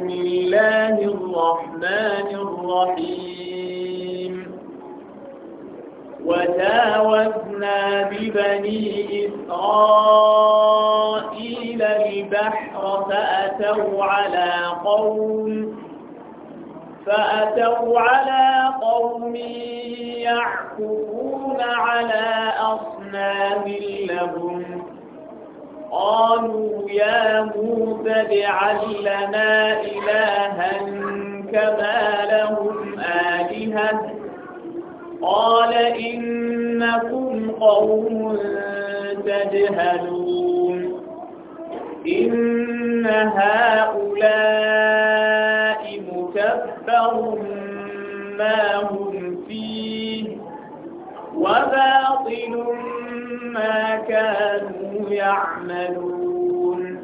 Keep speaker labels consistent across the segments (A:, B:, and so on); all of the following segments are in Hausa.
A: بسم الله الرحمن الرحيم وجاوزنا ببني إسرائيل البحر فأتوا على قوم فأتوا على قوم يعكفون على أصنام لهم قالوا يا موسى اجعل لنا إلها كما لهم آلهة قال إنكم قوم تجهلون إن هؤلاء متبر ما هم فيه وباطل ما كانوا يعملون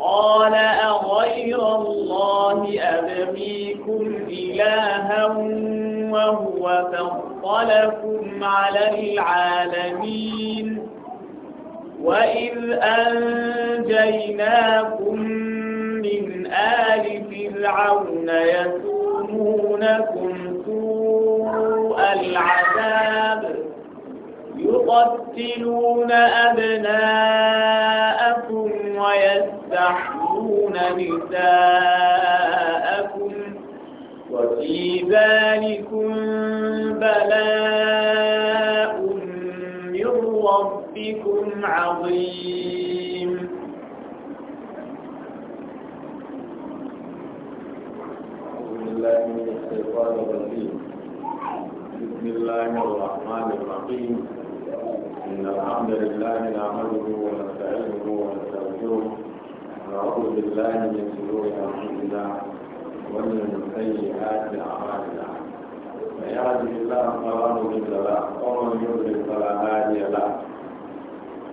A: قال أغير الله أبغيكم إلها وهو فضلكم على العالمين وإذ أنجيناكم من آل فرعون يسومونكم سوء العذاب يقتلون أبناءكم ويستحيون نساءكم وفي ذلكم بلاء من ربكم عظيم
B: الله من الشيطان الرجيم بسم الله الرحمن الرحيم إن الحمد لله نعمله ونستعينه ونستغفره ونعوذ بالله من شرور أنفسنا ومن سيئات أعمالنا من يهده الله فلا مضل له ومن يضلل فلا هادي له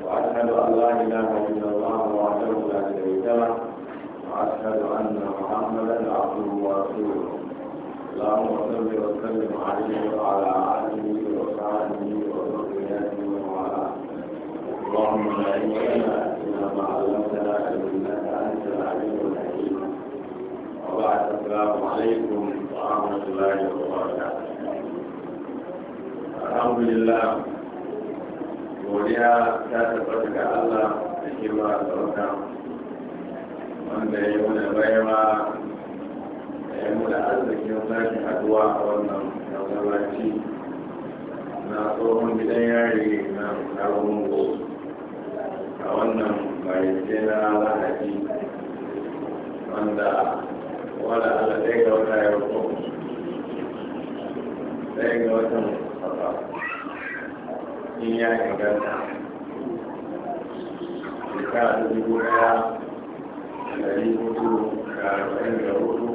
B: وأشهد أن لا إله إلا الله وحده لا شريك له وأشهد أن محمدا عبده ورسوله اللهم صل وسلم عليه وعلى آله وصحبه اللهم لا علم لنا الا ما علمتنا انك انت العليم الحكيم وبعد السلام عليكم ورحمه الله وبركاته الحمد لله godiya ta tabbata ga Allah da ke ba da wata wanda ya yi wani baiwa da ya mu da arzikin sake haduwa a wannan yawon na tsohon gidan yari na karon gobe a wannan bayyance na lahadi wanda wala ala ɗaya ga wata yau ko ɗaya ga watan safa in ya inganta shekara ta dubu ɗaya ɗari hudu da arba'in da hudu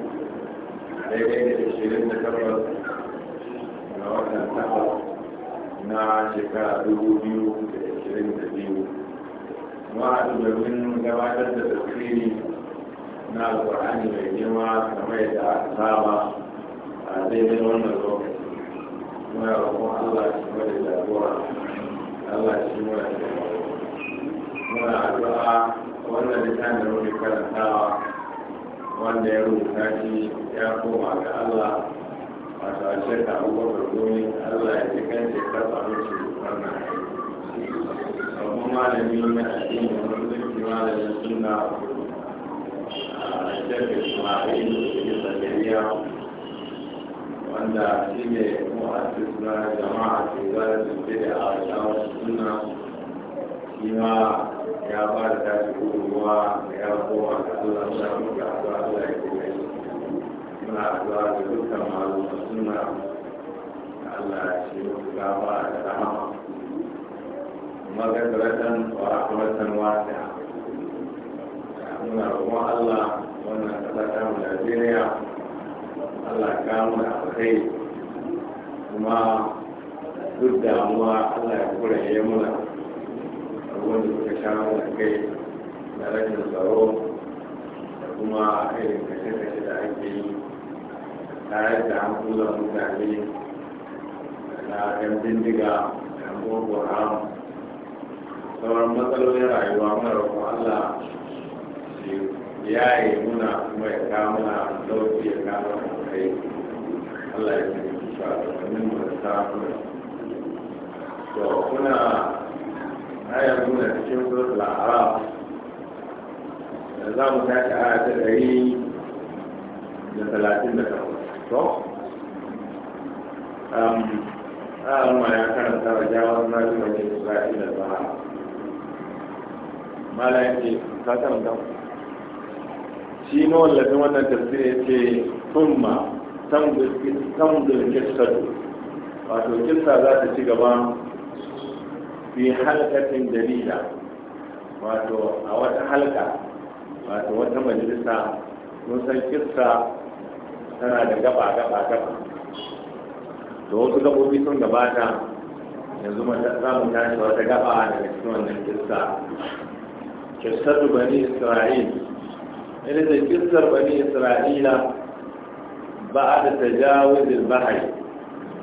B: daidai da ishirin da takwas ga watan takwas na shekara dubu biyu da ishirin da biyu وعد domin gabatar da tafsiri na alkur'ani mai girma kamar yadda aka saba a daidai wannan lokaci muna roƙon allah shi mai jagora allah shi mai jagora muna addu'a wannan littafin da muke karantawa wanda ya rubuta shi ya koma ga allah wato a shekara abubakar gomi allah ya ji kan shekara samun shi wannan malami wanda a cikin musulunci malamin suna a shafin ismail da zakariya wanda shi ne mu'assis na jama'a ke zara tuke da a shawar suna shi ma ya ba da tashi gudunmuwa da ya koma da zuwa shafin da zuwa zuwa ya kuma yi muna zuwa da dukkan malu suna Allah shi mutu gaba da rahama مغفرة ورحمة واسعة muna roƙon Allah wannan ƙasa ta mu Najeriya Allah ka mu da alkhairi kuma duk damuwa Allah ya kura ya muna abubuwan da suka sha mu kai da rashin tsaro da kuma irin kashe-kashe da ake yi tare da hankulan mutane na 'yan bindiga da boko haram sauran matsalolin rayuwa mara kuma Allah ya yi muna kuma ya kama na lauki ya kama na kai Allah ya yi kusa da wani marasa kuna to kuna ayar nuna cikin surat al'arab da za mu tashi a ta ɗari da talatin da takwas to karanta wa jawon وما wajen da الظهر mala yake ce ka karanta shi na wallafin wannan tafsir ya ce tumma tambayin kiskatu wato kissa za ta ci gaba fi halkatin dalila wato a wata halka wato wata majalisa sun san kissa tana da gaba gaba gaba da wasu gabobi sun gabata yanzu za mu tashi wata gaba daga cikin wannan kissa kissatu bani isra'il ina da kissar bani isra'ila ba a da tajawuzin bahari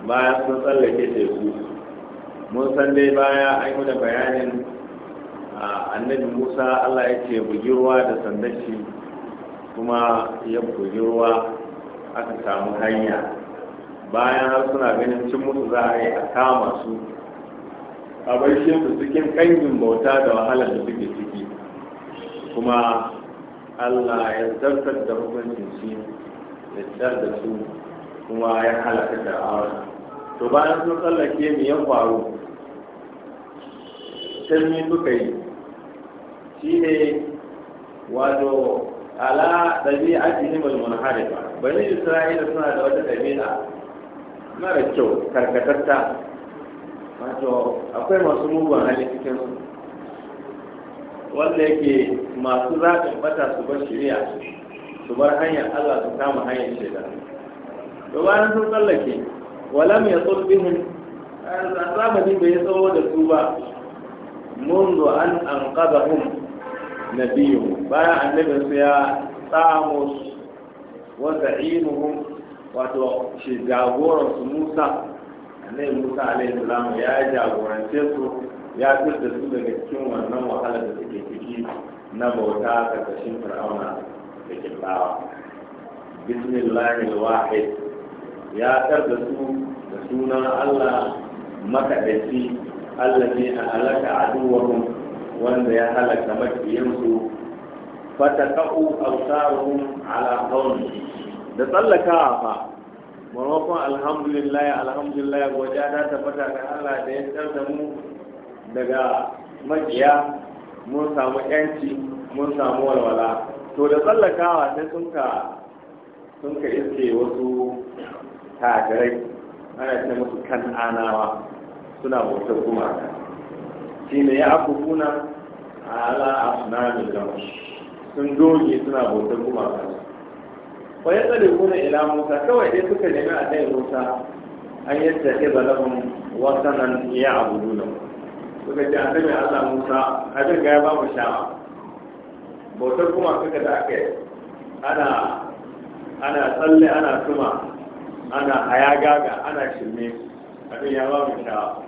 B: bayan sun tsallake teku mun san dai baya an yi da bayanin annabi musa allah yake ce bugi ruwa da sandashi kuma ya bugi ruwa aka samu hanya bayan har suna ganin cin mutu za a a kama su a barshe su cikin kangin bauta da wahalar da suke ciki kuma Allah ya zartar da hukuncin shi ya tsar da su kuma ya halaka da awon to bayan sun tsallake mu ya faru tarmi suka yi shi ne wato ala mai al harifa bani isra'ila suna da wata ɗabi'a mara kyau karkatatta wato akwai masu mugun hali cikin su wanda yake masu zaɓin bata su bar shirya su bar hanyar Allah su kama hanyar shirya to ba na sun tsallake walam ya tsoro bihin zamani bai tsawo da su ba mundu an an kaza hun na biyu bayan annabin su ya tsamo su wanda hun wato shi jagoransu musa annabin musa alaihi salam ya jagorance su ya fi da su daga cikin wannan wahala da suke ciki na bauta karkashin fir'auna da kirtawa bismillahil wahid ya tar da su da sunan allah makaɗaci allah ne a halaka aduwarun wanda ya halaka makiyansu ka'u ausaruhum ala qawmi da tsallakawa fa maimakon alhamdulillah alhamdulillah godiya ta tabbata ga Allah da ya tsar da mu daga makiya mun samu yanci mun samu walwala to da tsallakawa sai sun ka sun ka iske wasu tagarai ana ce musu kan'anawa suna bautar kuma shi ne ya na ala asnamin lamu sun doge suna bautar gumaka ba ya tsare kuna ila musa kawai dai suka nemi a dai musa an yadda ke balahun wasanan ya abu nuna suka ce annabi Allah Musa abin ga ya ba mu sha'a bautar kuma suka da aka yi ana ana tsalle ana tuma ana hayagaga ana shirme abin ya ba mu sha'a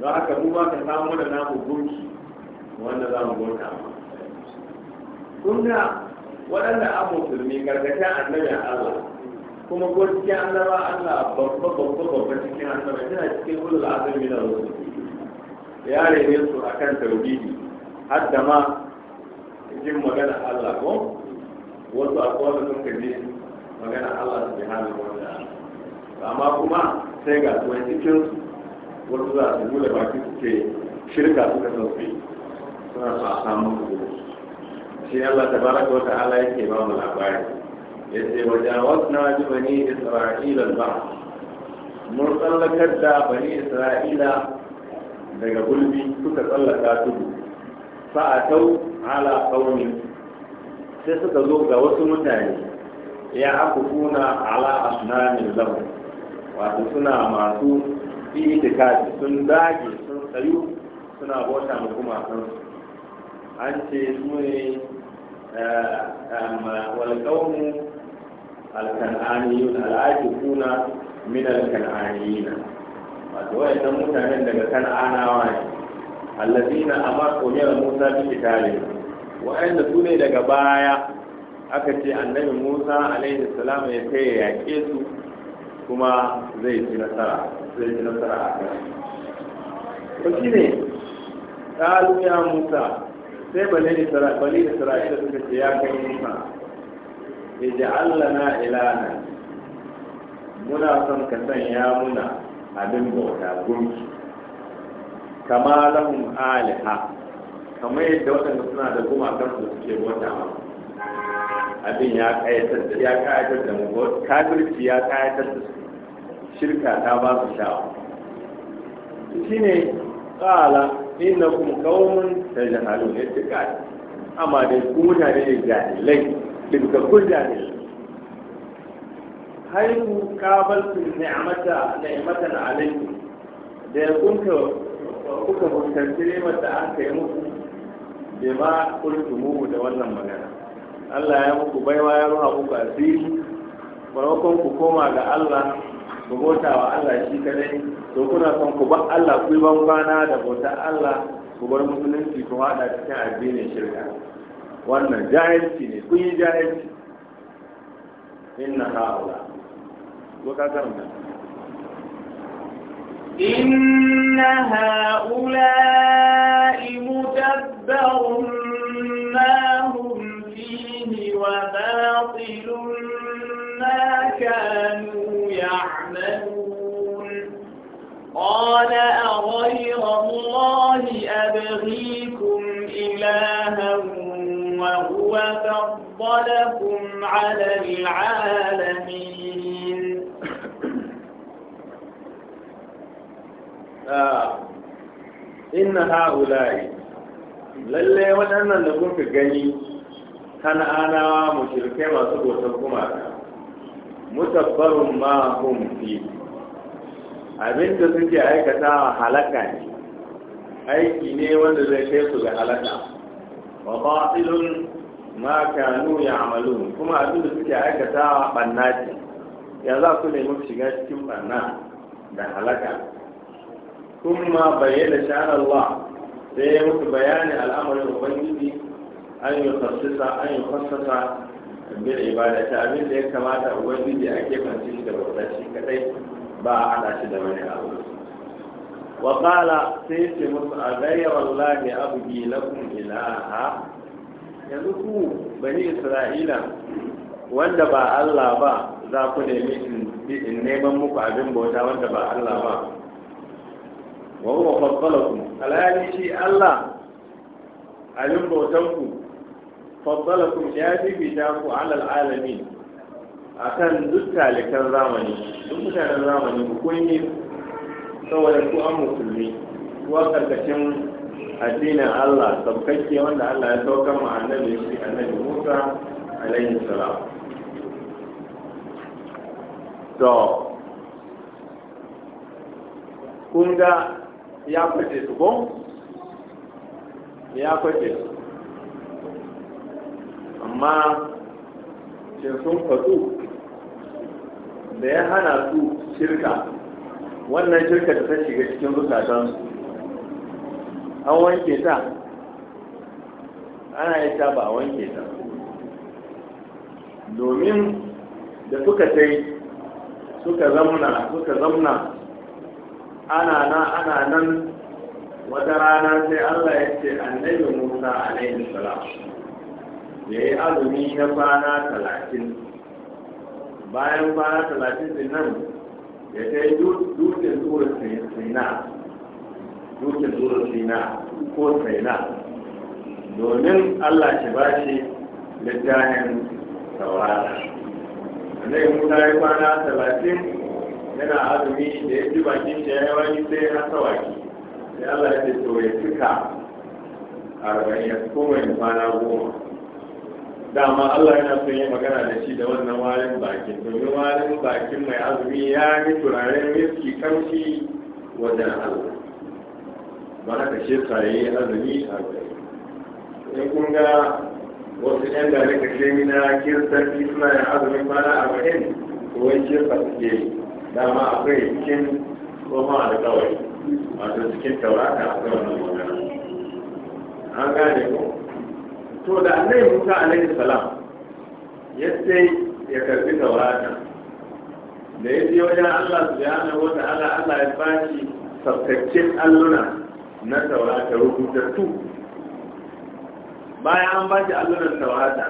B: don haka mu ba ka samu da namu gunki wanda za mu ma kun ga waɗanda an musulmi gargajiya annabi Allah kuma ko cikin annaba Allah babba babba babba cikin annaba yana cikin ulul azumi da rusul ya rene su akan tauhidi har da ma jin magana Allah ko wasu a wanda sun kaji magana Allah su bi halin wanda amma kuma sai ga tuwai cikin wasu za su bude baki su ke shirka suka san su suna su a samun su shi Allah ta baraka wata ala yake ba mu labari ya ce wajen wasu na ji bani isra'ila ba mun tsallakar da bani isra'ila daga gulbi suka tsallaka tudu fa'atau ala qaumin sai suka zo ga wasu mutane ya kuna ala asnamin lahu wato suna masu itikafi sun dage sun tsayu suna bauta mu kuma san an ce su ne eh, wal qaumu al kan'aniyun al kuna min al kan'aniyina wato wayannan mutanen daga kan'anawa ne allazina amar umira musa bi kitalin wa'anda su ne daga baya aka ce annabi musa alaihi salam ya kai ya yaƙe su kuma zai ci nasara zai ci nasara a kai. to shine qalu ya musa sai bani isra'ila bani isra'ila suka ce ya kai musa ij'al lana ilana muna son ka sanya muna abin bauta gunki kama lahum aliha kamar yadda waɗanda suna da gumakan su suke bauta ma abin ya kayatar da ya kayatar da mu kafirci ya kayatar da su shirka ta ba su sha'awa shine qala innakum qaumun tajhalun ittiqad amma dai ku mutane ne jahilai dukkan da jahilai haihu kabaltun ni'amata ni'amatan alaikum da ya kunta kuka fuskanci nemar da an kai muku bai ma muku da wannan magana Allah ya muku baiwa ya ruwa muku asiri farkon ku koma ga Allah ku bota wa Allah shi kadai to kuna son ku bar Allah ku yi bambana da bautar Allah ku bar musulunci ku hada cikin addinin shirka wannan jahilci ne kun yi jahilci inna ha'ula وكاكرم
A: إن هؤلاء متبر ما هم فيه وباطل ما كانوا يعملون قال أغير الله أبغيكم إلها وهو فضلكم على العالمين
B: inna ha'ulai lalle waɗannan da kuka gani kan'anawa mushrikai masu bautar gumaka mutabbarun ma hum fi abinda suke aikatawa halaka ne aiki ne wanda zai kai su ga halaka wa batilun ma kanu ya'malun kuma abinda suke aikatawa banna ce ya za su nemi shiga cikin banna da halaka kuma bayyana sha'an Allah sai ya mutu bayanin al'amarin ubangiji an yi fassasa an yi fassasa bil ibada ta abin da ya kamata ubangiji a kefanci shi da bauta shi kadai ba a hada shi da wani abu wa qala sai ce musu a ghayra wallahi abdi lakum ilaha yanzu ku bani isra'ila wanda ba Allah ba za ku nemi in neman muku abin bauta wanda ba Allah ba wa huwa faddalakum shi Allah abin bautanku faddalakum ya bibita ku alal alamin kan duk talikan zamani duk mutanen zamani ku kun yi saboda ku an musulmi ku karkashin addinin Allah sabkakke wanda Allah ya saukar ma annabi shi annabi Musa alaihi salam to kun ga ya kwace su ko ya kwace su amma shin sun kwatsu da ya hana su shirka wannan shirka da ta shiga cikin zukatan an wanke ta ana yi ta ba a wanke ta domin da suka sai suka zamna suka zamna ana nan ana nan wata rana sai Allah ya ce annabi Musa alaihi salam yayi yi azumi na kwana talatin bayan kwana talatin din nan ya kai dutsen zuwa sina dutsen zuwa sina ko sina domin Allah ya ba shi littafin saurara annabi Musa ya kwana talatin yana azumi da ya ji bakin da ya wani sai ya hasa sai Allah ya ce to ya cika arba'in ya kuma ya kwana goma dama Allah yana son yin magana da shi da wannan warin bakin domin warin bakin mai azumi ya yi turaren miski kamshi wajen Allah ba haka shi tsaye azumi arba'in in kun ga wasu yan da daga shemina kirtan suna yin azumin kwana arba'in ko wani kirtan suke yi dama akwai cikin goma da kawai wato cikin taurata kawai na magana an gane ko to da annabi musa alaihi salam ya sai ya karbi taurata da ya je wajen allah subhanahu wata ala allah ya bashi sabtaccen alluna na taurata rubutattu bayan an bashi allunan taurata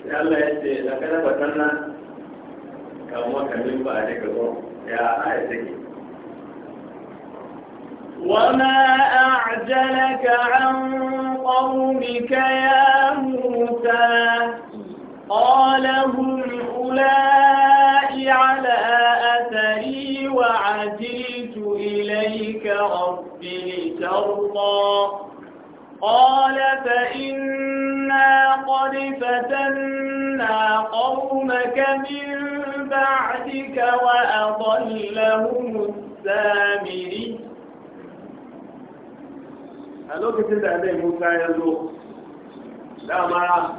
B: sai allah ya ce da kada fatanna كما كلم بعدك يا آيتك
A: وما أعجلك عن قومك يا موسى قال هم أولئك على أثري وعجلت إليك رب لترضى قال فإنا قد فتنا قومك من بعدك وأضلهم السامري
B: هلو كتبت عدين موسى يزوك لا ما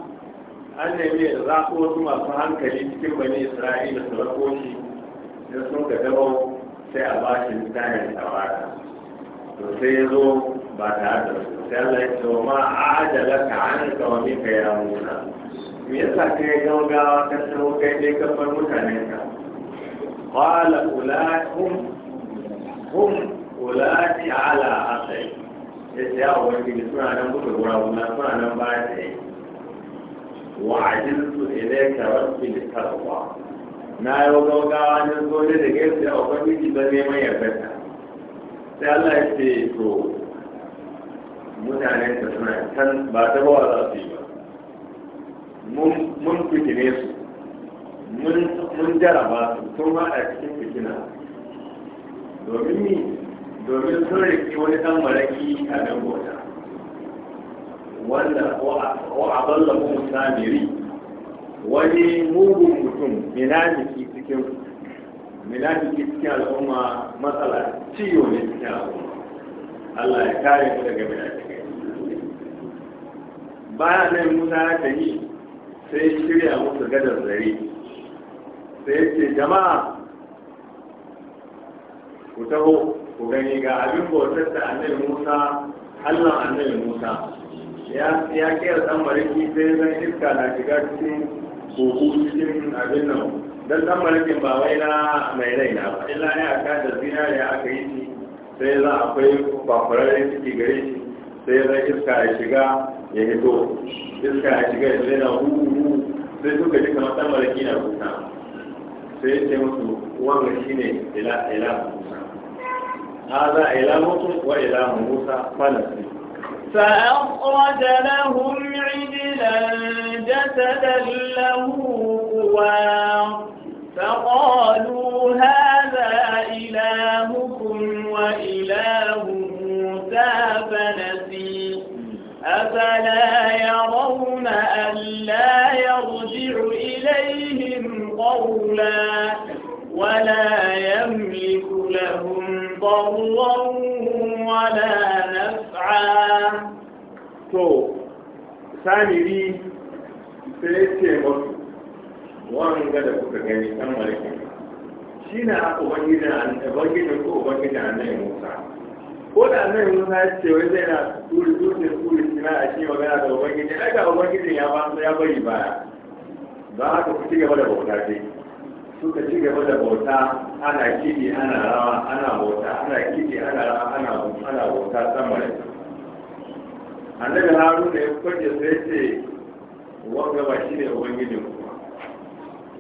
B: أن يبيع الراق وثم أفهم كليب بني إسرائيل سرقوشي يسمون كتبوا سيأباشي مستعين سوارا وسيزو بعد هذا الرسول Allah ya ma ajalaka anka wa minka ya Musa me yasa kai gaugawa ka tsawo kai dai ka bar mutanen ka qala ulaikum hum ulati ala asai yace ya ubangiji suna nan buga gura suna nan ba ta yi wa ajiltu ilayka rabbi litarwa na yi gaugawa na zo ne da gaisa a ubangiji don neman yardarka sai Allah ya ce to mutanen da suna can ba ta bawa za su yi ba mun fitine su mun jaraba su sun haɗa cikin fitina domin ni domin sun rike wani ɗan maraki a nan bauta wanda ko a balla mu samiri wani mugun mutum minafiki cikin minafiki cikin al'umma matsala ciwo ne cikin al'umma Allah ya kare mu daga minafiki baya nan musa ya yi sai shirya musu gadar zare sai ce jama'a ku taho ku gani ga abin bautar da annabi musa allah annabi musa ya kera dan mariki sai zan iska na shiga cikin kogo cikin abin nan dan dan mariki ba wai na mai na ba illa ya aka da zinariya aka yi shi sai za akwai kwakwararren ciki gare shi sai zan iska ya shiga ya hito iska ya shiga yanzu yana huhu sai suka ji kamar ɗan maraki na kuka sai ya ce musu wannan shi ne ilamu musa haza ilamutum wa ilamu musa falastin
A: فأخرج لهم عجلا جسدا له قوام فقالوا هذا إلهكم وإله موسى فنسيه أفلا يرون ألا يرجع إليهم قولا ولا يملك لهم ضرا ولا نفعا
B: to samiri sai ce masu wanga da kuka gani kan malakin shi na aka ubangijin ko ubangijin annabi musa ko da annabi musa ya ce wai zai na turi turi turi za a ci magana da ubangiji ai ubangiji ya ba ya bari ba haka ci gaba da bauta dai suka ci gaba da bauta ana kiɗi ana rawa ana bauta ana kiɗi ana rawa ana ana bauta sama da annabi haruna ya kwaje sai ce wanga ba shi ne ubangijin kuma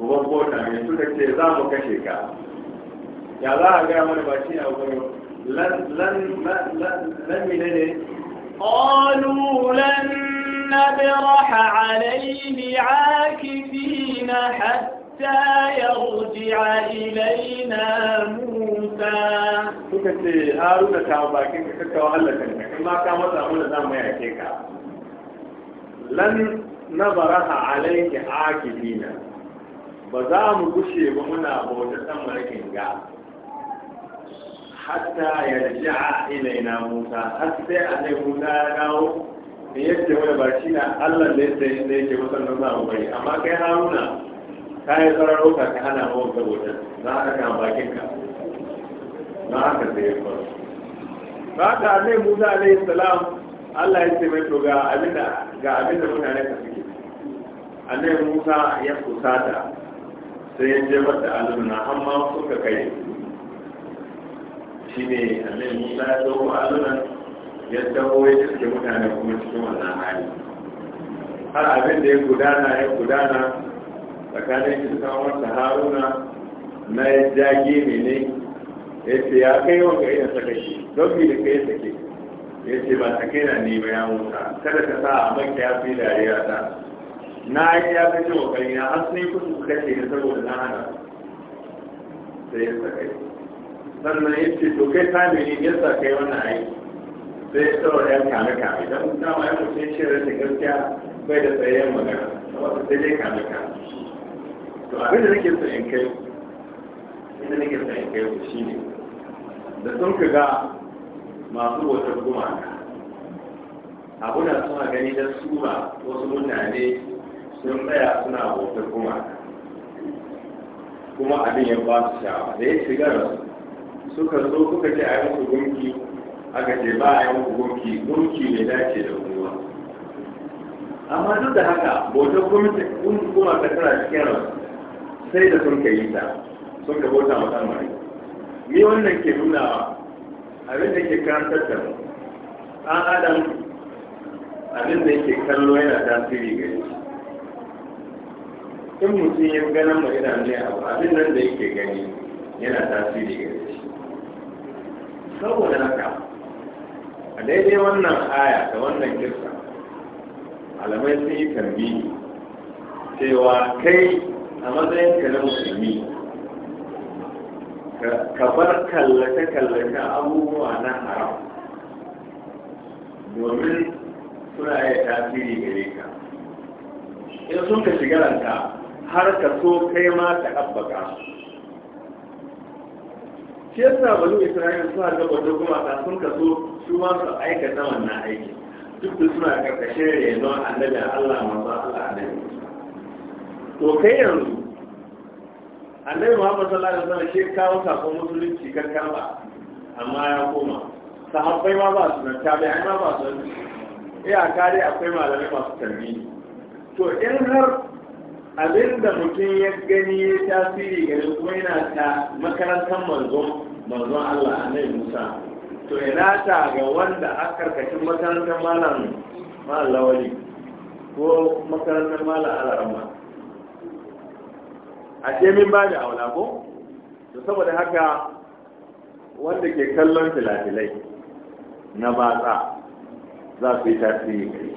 B: uban bauta mai suka ce za mu kashe ka ya za a gaya mana ba shi ne ubangijin lan lan lan lan ne
A: قالوا لن نبرح عليه عاكفين حتى يرجع إلينا موسى
B: suka ce haruna ta bakin ka kakkawa hallaka ne in ma ka masa abin da za mu yake ka lan nabaraha ba za mu ba muna bautar ga hatta yarji'a ilaina Musa har sai annabi Musa ya dawo da yake wani ba shi na Allah da yake da yake musannan za mu bari amma kai Haruna ka yi sararo ka ka hana mu saboda za ka kan bakin ka na haka sai ya faru ba ka annabi Musa alaihi salam Allah ya ce mai to ga abinda ga abinda mutane ka suke annabi Musa ya kusata sai ya je mata aluna amma suka kai shi ne annabi musa ya zo azunan ya dawo ya cike mutane kuma cikin wannan hali har abin da ya gudana ya gudana tsakanin shi da kawon haruna na ya jage ne ne ya ce ya kai wanka ina saka shi don bi da kai sake ya ce ba sake na ne ba ya musa kada ka sa a maka ya fi dariya ta na yi ya fi jin wakari na har kusa kusa kashe ne saboda na hana sai ya saka sannan ya ce to kai ta ne ya sa kai wannan aiki sai ya tsawar yan kame kame don dama ya kusa ya ce rashin gaskiya bai da tsayayyen magana wata sai dai kame kame to abin da nake so in kai inda nake so in kai ku ne da sun ka ga masu wata gumaka abu da suna gani da sura wasu mutane sun tsaya suna bautar gumaka kuma abin ya ba su sha'awa da ya shiga da su suka zo kuka ce a yi muku gunki aka ce ba a yi muku gunki gunki mai dace da kuma amma duk da haka bautar gwamnati kun kuma ta tara cikin rasu sai da sun ka yi ta sun ka bauta wa samari ni wannan ke nuna abin da ke karantar da mu an adam abin da yake kallo yana tasiri ga shi in mutum ya ganin mu idan ne abu abin nan da yake gani yana tasiri ga saboda haka a daidai wannan aya da wannan kirsa alamai sun yi tambi cewa kai a matsayin ka na musulmi ka bar kallace-kallace abubuwa na haram domin suna yi tasiri gare ka in sun ka shigaranta har ka so kai ma ka abbaka shi yasa bani isra'ila suna ga wanda kuma ta sun kaso su ma su aikata wannan aiki duk da suna karkashin rayuwar annabi Allah manzo Allah annabi to kai yanzu annabi Muhammad sallallahu alaihi wasallam shi kawo sakon musulunci karkar ba amma ya koma sahabbai ma ba su nan tabi'ai ma ba su nan iya kare akwai malamai masu tarbiyya to in har abin da mutum ya gani ya tasiri ga kuma yana ta makarantar manzon manzon Allah annabi Musa to ina ta ga wanda a karkashin makarantar malam malam wali ko makarantar malam al-rahman a ce min ba da aula ko to saboda haka wanda ke kallon filafilai na batsa za su yi tasiri gari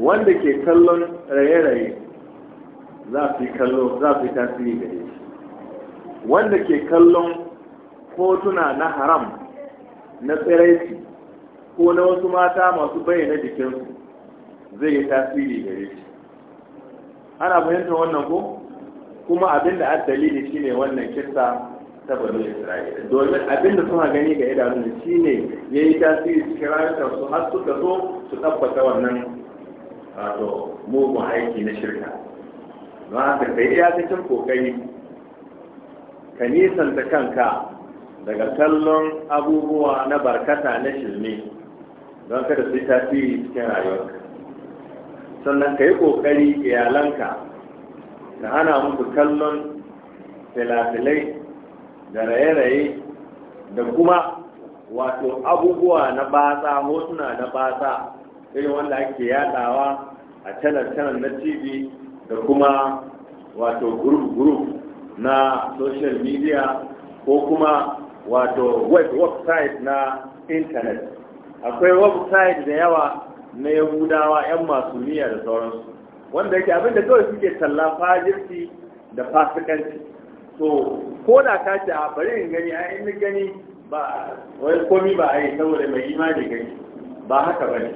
B: wanda ke kallon raye-raye za su yi kallo za su yi tasiri gare shi wanda ke kallon hotuna na haram na tsiraiti ko na wasu mata masu bayyana jikinsu zai yi tasiri gare shi ana fahimtar wannan ko kuma abin da an dalili shine wannan kissa ta banu isra'ila domin abin da suna gani ga idanun shine ya yi tasiri cikin rayuwar su har suka zo su tabbata wannan wato mugun aiki na shirka don haka ka yi iyakacin kokari ka nisanta kanka daga kallon abubuwa na barkata na shirme don kada su yi tasiri cikin rayuwarka sannan ka yi kokari iyalanka ka hana musu kallon filafilai da raye-raye da kuma wato abubuwa na basa hotuna na basa irin wanda ake yadawa a canal channel na tv da kuma wato group-group na social media ko kuma wato website na internet akwai website da yawa na yahudawa 'yan masu masuniya da sauransu wanda yake abinda kawai suke talla fajirci da fasikanci to ko da ka ce a bari in gani a in gani ba wani komi ba a yi saboda mai imani gani ba haka bane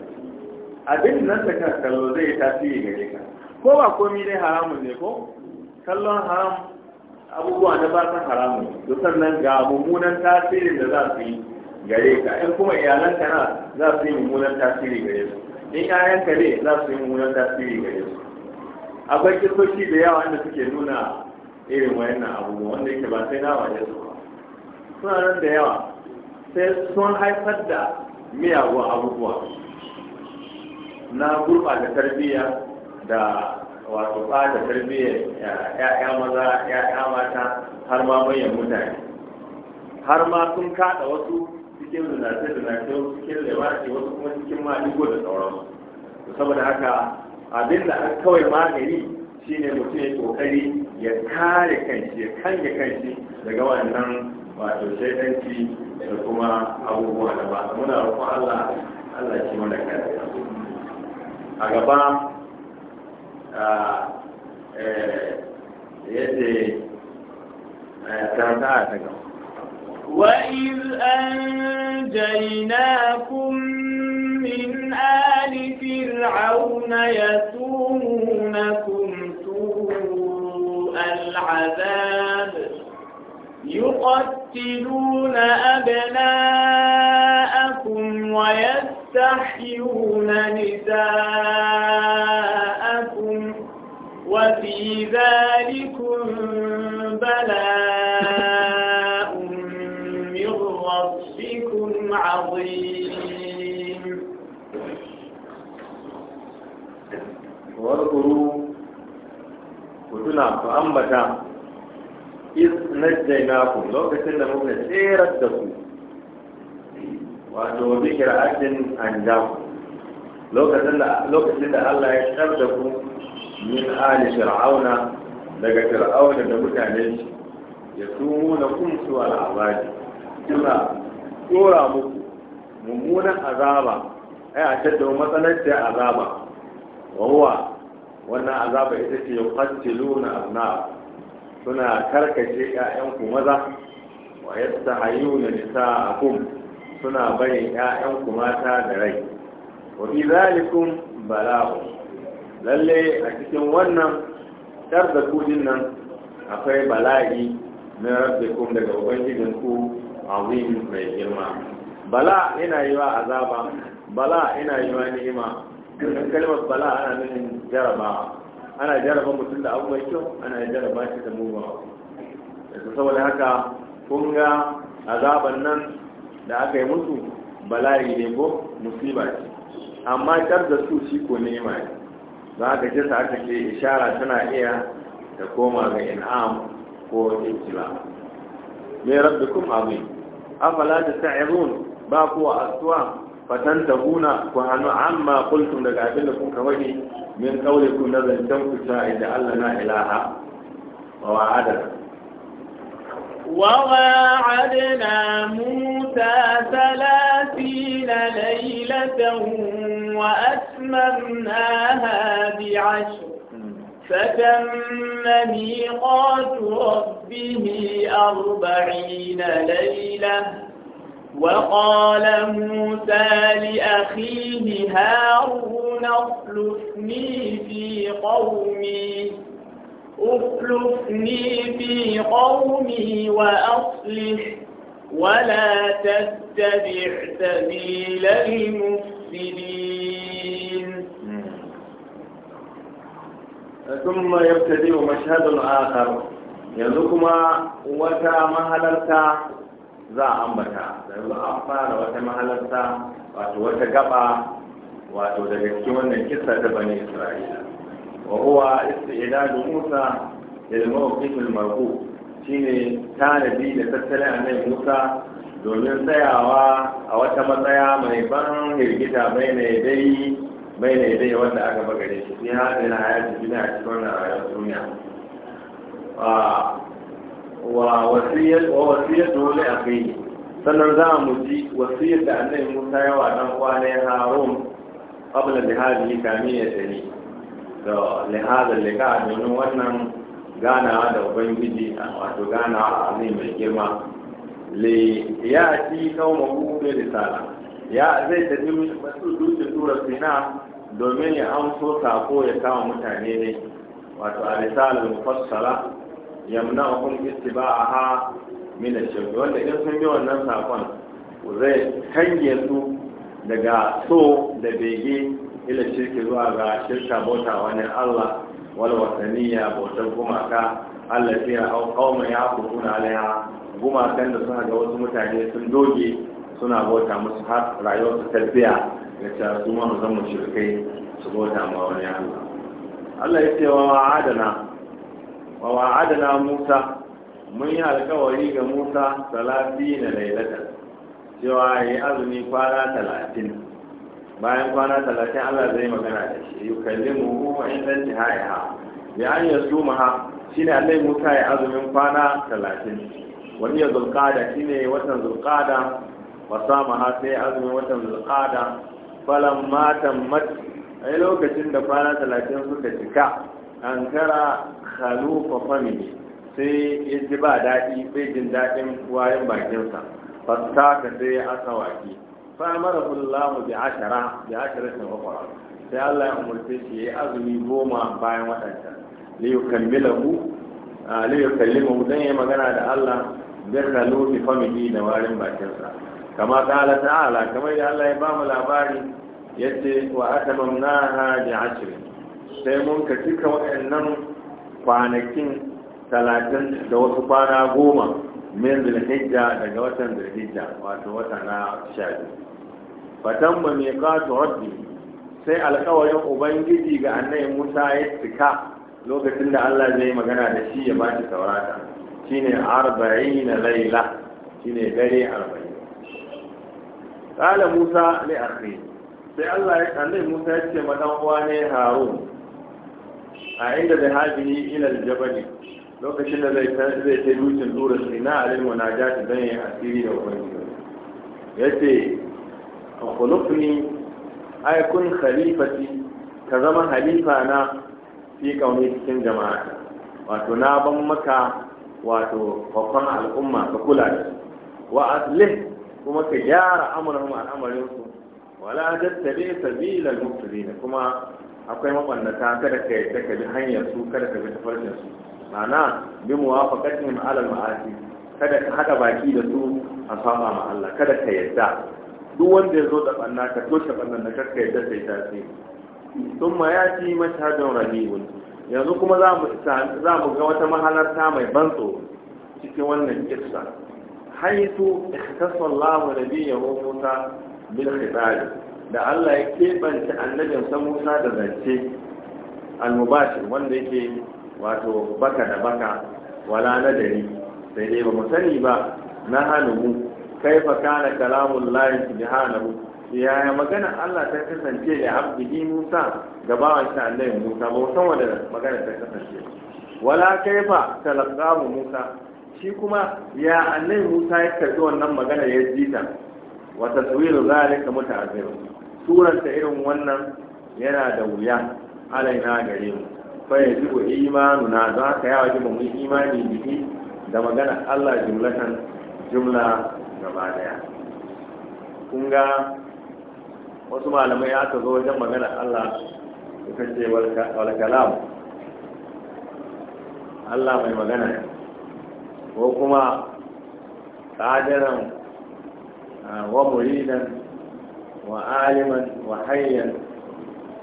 B: abin nan da kan kallo zai tasiri gare ka ko ba komi dai haramun ne ko kallon haram abubuwa na ba san haramun to sannan ga mummunan tasirin da za su yi gare ka in kuma iyalanka na za su yi mummunan tasiri gare su in ƴaƴanka ne za su yi mummunan tasiri gare su akwai kisoshi da yawa inda suke nuna irin wayannan abubuwa wanda yake ba sai na waje su suna nan da yawa sai sun haifar da miyagun abubuwa na gurɓata tarbiyya da wato ɓata tarbiyyar ya'ya maza ya'ya mata har ma manyan mutane har ma sun kaɗa wasu cikin zinace zinace wasu cikin lewaci wasu kuma cikin maligo da sauransu saboda haka abin da an kawai magani shine mutum ya kokari ya kare kanshi ya kange kanshi daga wannan wato shaidanci da kuma abubuwa da ba muna roƙon Allah a gaba
A: وإذ أنجيناكم من آل فرعون يسومونكم سوء العذاب يقتلون أبناءكم ويسومونكم تستحيون نساءكم وفي ذلكم بلاء من ربكم عظيم
B: واذكروا وتنا فأنبتا إذ نجيناكم لو كنت ممكن سيرت دكم wato zikir addin an lokacin da Allah ya shigar da ku min ali fir'auna daga fir'auna da mutane shi ya tumo na kumsu al'abadi suna tsora muku mummunan azaba ai a tadda matsalar da azaba wawa wannan azaba ita ce yuqattiluna abna suna karkace ƴaƴanku maza wa a nisa'akum suna barin ‘ya'yanku mata da rai wa fi zalikun bala'u lalle a cikin wannan tar da kudin nan akwai bala'i na rabbikun daga ubangijinku wurin mai girma bala yana yi wa azaba bala yana yi wa ni'ima don kalmar bala ana nufin jarabawa ana jaraba mutum da abu mai kyau ana jaraba shi da mugawa saboda haka kun azaban nan da aka yi mutu bala'i ne ko musiba ce amma tar da su shi ko nema ne za ka ce sa aka ce ishara tana iya ta koma ga in'am ko ikila mai kun abin afala da sa'irun ba kuwa asuwa fatan ta huna ku hannu amma kultun daga abin da kun ka min kaule ku na zancen ku ta inda Allah na ilaha wa wa'adana
A: wa wa'adana mu موسى ثلاثين ليلة وأتممناها بعشر فتم ميقات ربه أربعين ليلة وقال موسى لأخيه هارون اخلفني في قومي اخلفني في قومي وأصلح ولا تتبع سبيل المفسدين
B: ثم يبتدئ مشهد آخر يذكما وتا مهللتا za a ambata yanzu an fara wata mahalarta wato wata gaba wato daga cikin wannan kisa ta bani isra'ila wa huwa istidadu musa lil mawqif al shine tanadi da tattalin annabi musa domin tsayawa a wata matsaya mai ban hirgita bai na dai bai na dai wanda aka bagare shi sai hada na hayar jiki na cikin wannan rayuwar duniya wa wasiyar wa wasiyar dole a kai sannan za mu ji wasiyar da annabi musa yawa dan kwane harun qabla da hadi kamiya tani da lihada lika domin wannan gana da ubangiji wato gana a azim mai girma le ya ci kawo hudu risala ya zai tafi masu dutse tura sina domin ya amso sako ya kama mutane ne wato a risala fassara mufassara yamna hukun a ha mina shirk wanda idan sun bi wannan sakon zai kange su daga so da bege ila shirki zuwa ga shirka bauta wani Allah walwataniya bautar gumaka Allah ya hau kauma ya kuruna alaiha gumakan da suna ga wasu mutane sun doge suna bauta musu har rayuwar su tarbiya ga cewa su ma zan mushrikai su bauta ma wani Allah Allah ya ce wa adana wa wa'adana Musa mun yi alkawari ga Musa 30 na lailatan cewa yi azumi kwana 30 bayan kwana talatin Allah zai magana da shi mu yukallimu hu inda ha bi an shi ne Allah muta ya azumin kwana talatin wani ya shi ne watan ba wa maha sai azumin watan falon matan mat a yi lokacin da kwana talatin suka cika an kara khalufa family sai ya ji ba daɗi bai jin daɗin wayan bakinsa fasta ka sai ya asa waki فأمره الله بعشرة بعشرة أخرى sai Allah ya umarce shi ya azumi goma bayan waɗanda liyu kalmilahu liyu kallimahu ah, dan ya magana da Allah birra lufi famili da warin bakinsa kama kala ta'ala kamar da Allah ya bamu labari yace wa atamamnaha bi ashr sai mun ka cika waɗannan kwanakin talatin da wasu kwana goma min zulhijja daga watan zulhijja wato wata na sha fatan ba mai kato rabbi sai alkawarin ubangiji ga annayin musa ya cika lokacin da allah zai magana da shi ya ba shi saurata shine arba'in na laila shine dare arba'in kala musa ne kai sai allah ya annabi musa ya ce ma uwa ne harun a inda da hajji ila jabali lokacin da zai zai ta yucin dura alimu na jati dan yi asiri da ubangiji Ya ce. fa khulufni ay kun khalifati ka zama halifa na fi kaune cikin jama'a wato na ban maka wato babban al'umma ka kula da su wa aslih kuma ka gyara amurhum al'amarin su wala tattabi sabila al-mufsidin kuma akwai mabannata kada ka yadda ka bi hanyar su kada ka bi tafarkin su ma'ana bi muwafaqatihim ala al-ma'asi kada ka hada baki da su a saba ma Allah kada ka yadda duk wanda ya zo da banna ka toshe bannan da kakka ya dace ta ce sun ma ya ci mashadin yanzu kuma za mu ga wata mahalarta mai ban cikin wannan kissa haitu ikhtasar lahu nabiyahu musa bil khitab da Allah ya kebance annabin sa Musa da zance al-mubashir wanda yake wato baka da baka wala na nadari sai dai ba mu sani ba na mu. kaifa kana kalamun layin subhanahu yaya magana Allah ta kasance da abdihi Musa ga bawan sa Allah Musa ba san wanda magana ta kasance wala kaifa talaqamu Musa shi kuma ya Allah Musa ya karbi wannan magana ya ji ta wa taswiru zalika muta'azzir suran ta irin wannan yana da wuya alaina gare mu fa imanu na za ka yawa mu imani da magana Allah jumlatan jumla gaba daya kun ga wasu malamai aka zo wajen magana Allah suka ce wal kalam Allah mai magana ko kuma qadiran wa muridan wa aliman wa hayyan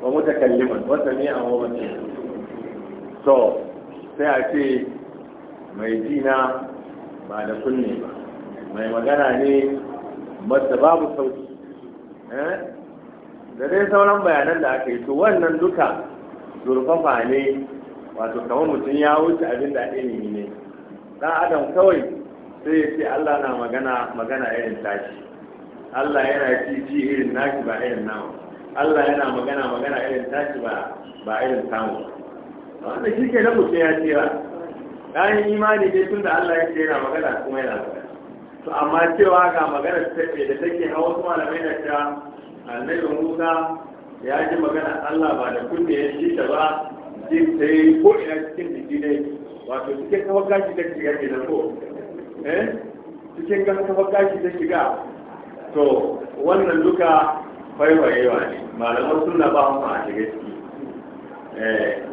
B: wa mutakalliman wa sami'an wa basir to sai a ce mai jina ba da kunne ba mai magana ne wadda babu sauki eh? da dai sauran bayanan da aka yi to wannan duka zurfafa ne wato kamar mutum ya wuce abin da ilimi ne dan adam kawai sai ya ce Allah na magana magana irin tashi Allah yana ci ji irin nashi ba irin nawa Allah yana magana magana irin tashi ba irin samu wanda shi ke na mutum ya ce ba ɗayan imani dai tun da Allah ya ce yana magana kuma yana magana to amma cewa ga maganar take da take hawa wasu malamai da ta annabi Musa ya ji magana Allah ba da kunne ya ji ta ba jin sai ko ina cikin jiki ne wato cikin kafa gashi ta shiga ke nan ko eh cikin kafa gashi ta shiga to wannan duka faifayewa ne malamar suna ba mu a shiga ciki eh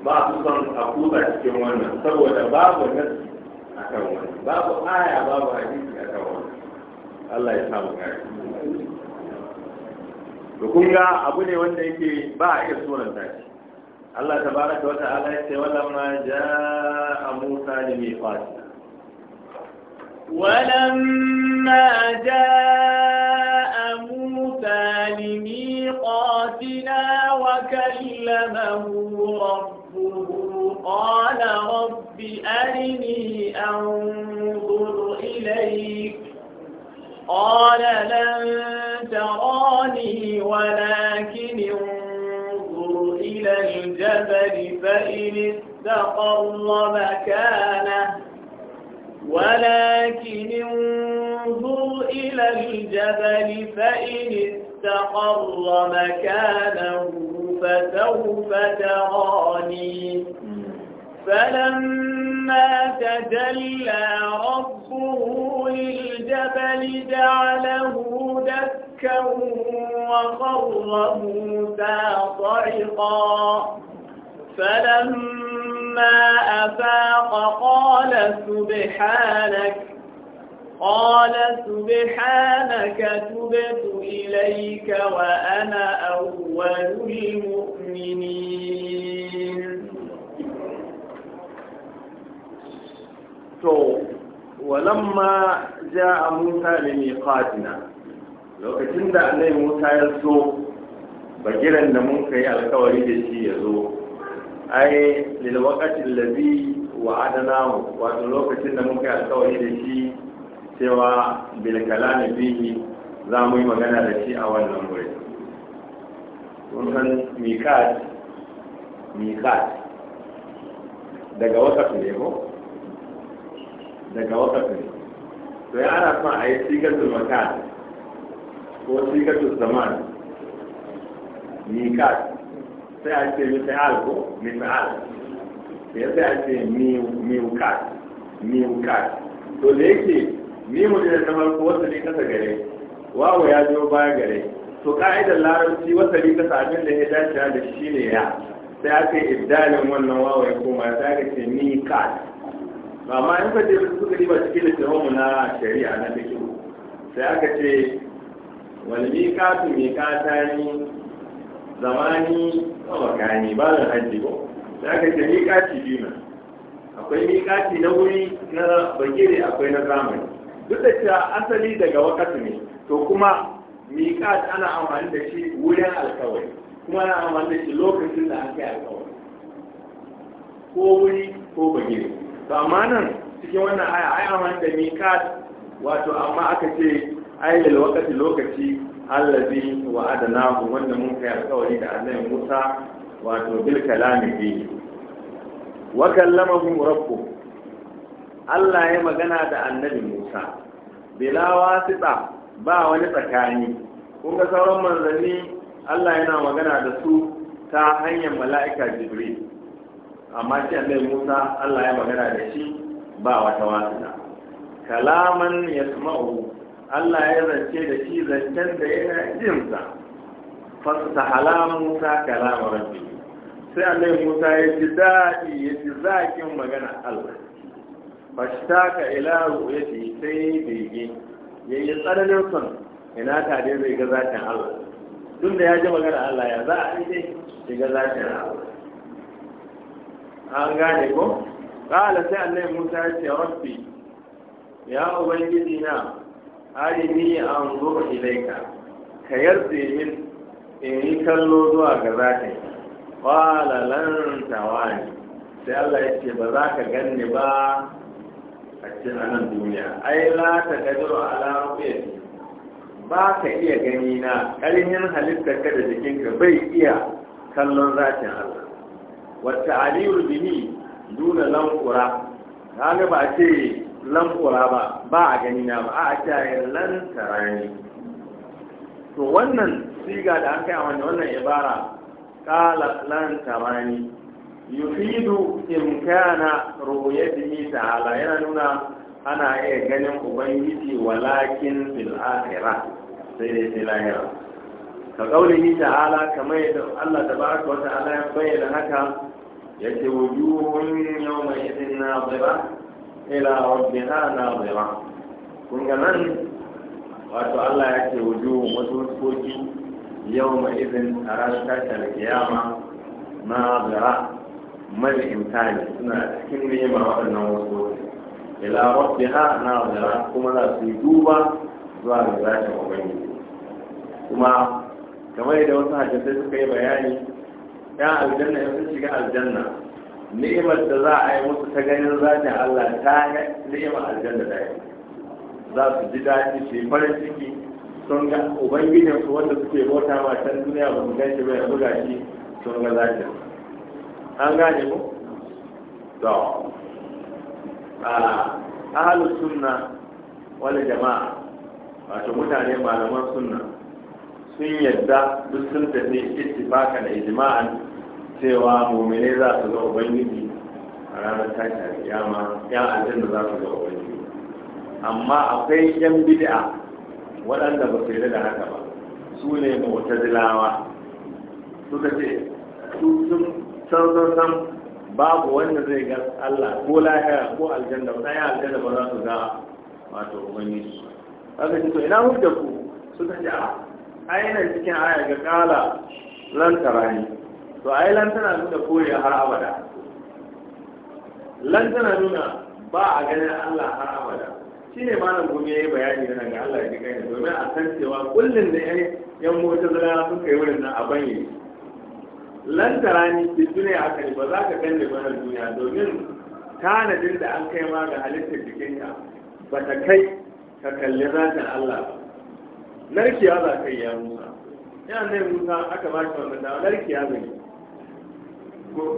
B: ba su son a kusa cikin wannan saboda babu nasu akan wani babu aya babu hadisi akan wani Allah ya samu gari to kun ga abu ne wanda yake ba a iya sunan shi Allah tabaraka wa ta'ala ya ce walamma ja'a Musa li miqatina
A: walamma ja'a Musa li miqatina wa kallamahu rabbuhu qala rabb أرني أنظر إليك قال لن تراني ولكن انظر إلى الجبل فإن استقر مكانه ولكن انظر إلى الجبل فإن استقر مكانه فسوف تراني فلما تجلى ربه للجبل جعله دكا وخر موسى صعقا فلما أفاق قال سبحانك قال سبحانك تبت إليك وأنا أول المؤمنين
B: to walamma ja a musa da miƙatina lokacin da annabi musa ya zo bagiran da mun kai alkawari da shi ya zo ai lilwakatin labi wa adanahu wato lokacin da mun kai alkawari da shi cewa bilkala na bihi za mu yi magana da shi a wannan wuri kun san mikat mikat daga wasa ne ko daga wakafin to ya ana son a yi sigatul makan ko sigatul zaman mikat sai a ce misal ko misal ya sai a ce miukat miukat to da yake mimu ne na farko wata ne kasa gare wawa ya zo baya gare to ka'idar larabci wata ne kasa abin da ya dace da shi ne ya sai aka yi iddalin wannan wawa ya koma ya sai aka ce mikat amma in kace suka riba cikin mu na shari'a na fiqh sai aka ce wani wal kata ni zamani wa makani ba da hajji ko sai aka ce miqati biyu akwai miƙati na wuri na bagire akwai na zamani duk da cewa asali daga wakati ne to kuma miƙat ana amfani da shi wurin alkawari kuma ana amfani da shi lokacin da aka yi alkawari ko wuri ko bagire to amma nan cikin wannan aya ai amman da miqat wato amma aka ce ai lil waqti lokaci allazi na adnahu wanda mun kai alƙawari da annabi Musa wato bil kalami bi wa kallamahu rabbuh Allah ya magana da annabi Musa bila wasita ba wani tsakani kun ga sauran manzanni Allah yana magana da su ta hanyar mala'ika Jibril amma shi annabi Musa Allah ya magana da shi ba wata wasila kalaman sama'u Allah ya zance da shi zancen da yana jin sa fastahala Musa kalama rabbi sai annabi Musa ya ji daɗi ya ji zakin magana Allah ka ila ru'yati sai bege yi tsananin son ina dai zai ga zakin Allah tunda ya ji magana Allah ya za a yi dai ga zakin Allah an gane ko ƙala sai annai musa ya ce rabbi ya ubangiji na ni an zo ilaika ka yarda min in yi kallo zuwa ga zakai ƙwala lan tawani sai Allah ya ce ba za ka ganni ba a cikin anan duniya ai la ta kadiru ala ruqyati ba ka iya gani na ƙarfin halittar ka da jikinka bai iya kallon zatin Allah wata aliyu bihi duna lankura kaga ba ce lamƙura ba ba a gani na ba a ce lantara ne to wannan siga da aka kai a wannan wannan ibara kala lantara ne yufidu da ru'yatihi ta'ala yana nuna ana iya ganin ubangiji walakin fil akhirah sai dai fil akhirah ka kaulihi ta'ala kamar yadda Allah tabaraka wata ta'ala ya bayyana haka yace wujuhun yawma idin nadira ila rabbiha nadira kun ga nan wato Allah yake ce wujuhun wasu huskoki yawma idin a ranar tashar kiyama nadira mai imtani suna cikin nema waɗannan wasu ila rabbiha nadira kuma za su yi duba zuwa ga zashin ubangiji kuma kamar yadda wasu hadisai suka yi bayani yan aljanna ya sun shiga aljanna ni'imar da za a yi musu ta ganin zanen Allah ta yi ni'imar aljanna da yi za su ji daɗi su yi farin ciki sun ga ubangijin su wanda suke bauta ma can duniya ba mu gaishe bai buga shi sun ga zakin an gane mu to ahlus sunna wani jama'a wato mutane malaman sunna sun yadda duk sun tafi ittifaka da ijma'an cewa mumine za su ga ubangiji a ranar tashin kiyama yan aljanna za su ga ubangiji amma akwai yan bid'a waɗanda ba su yi da haka ba su ne mu'tazilawa suka ce su sun san san san babu wanda zai ga Allah ko lahira ko aljanna ba ya aljanna ba za su ga wato ubangiji haka ce to ina hujjar ku suka ce a ah, ainihin cikin aya ga kala lantara ne to ai lantana nuna kore har abada lantana nuna ba a ganin Allah har abada shine malam gumi yayi bayani nan ga Allah ya ji kai domin a san cewa kullun da yan yan mota zara sun kai wurin nan a banye lantara ne ki tunai kai ba za ka gane ba nan duniya domin tanadin da an kai ma ga halittar jikinka ba ta kai ka kalli zatin Allah ba narkiya za ya musa yana nai musa aka ba shi wannan dama narkiya zai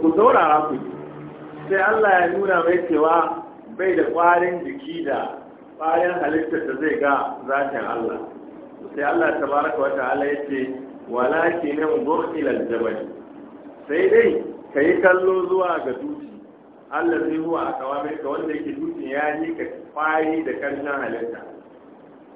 B: ku saurara ku sai Allah ya nuna mai cewa bai da kwarin jiki da ƙwarin halittar da zai ga zafin Allah sai Allah ta baraka wata ala ya ce Wala ke nan al-jabal sai dai ka yi kallo zuwa ga dutse Allah zai huwa a kawamai ka wanda yake dutse ya yi ka kwari da karshen halitta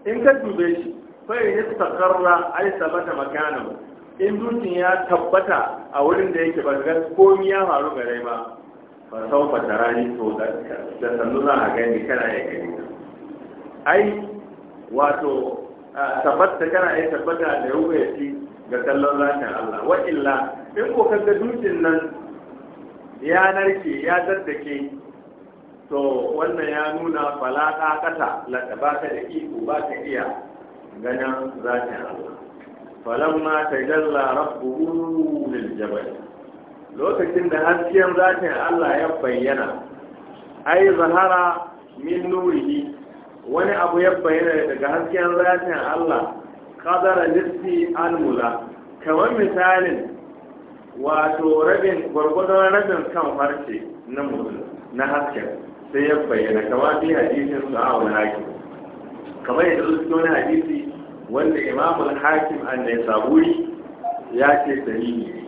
B: in ka dube shi fayin ya sakarra ai sabata makana in dutsen ya tabbata a wurin da yake bangar komi ya faru gare ba ba sau ba tara to da sannu za a gani kana ya gani ai wato tabbata kana ya tabbata da yau ya ci ga kallon zakin Allah wa illa in ko da dutsen nan ya narke ya daddake to wannan ya nuna falaka kata la ba ka da iko ba ka iya ganin zatin Allah falamma tajalla rabbuhu lil jabal lokacin da hasken zatin Allah ya bayyana ai zahara min nurihi wani abu ya bayyana daga hasken zatin Allah kadara lissi almula kamar misalin wato rabin gwargwadon rabin kan farce na mutum na hasken sai ya bayyana kamar bi hadisin sa'awun hakim kamar yadda su cikin wani hadisi wanda imamul hakim an da ya saburi ya ce sahihi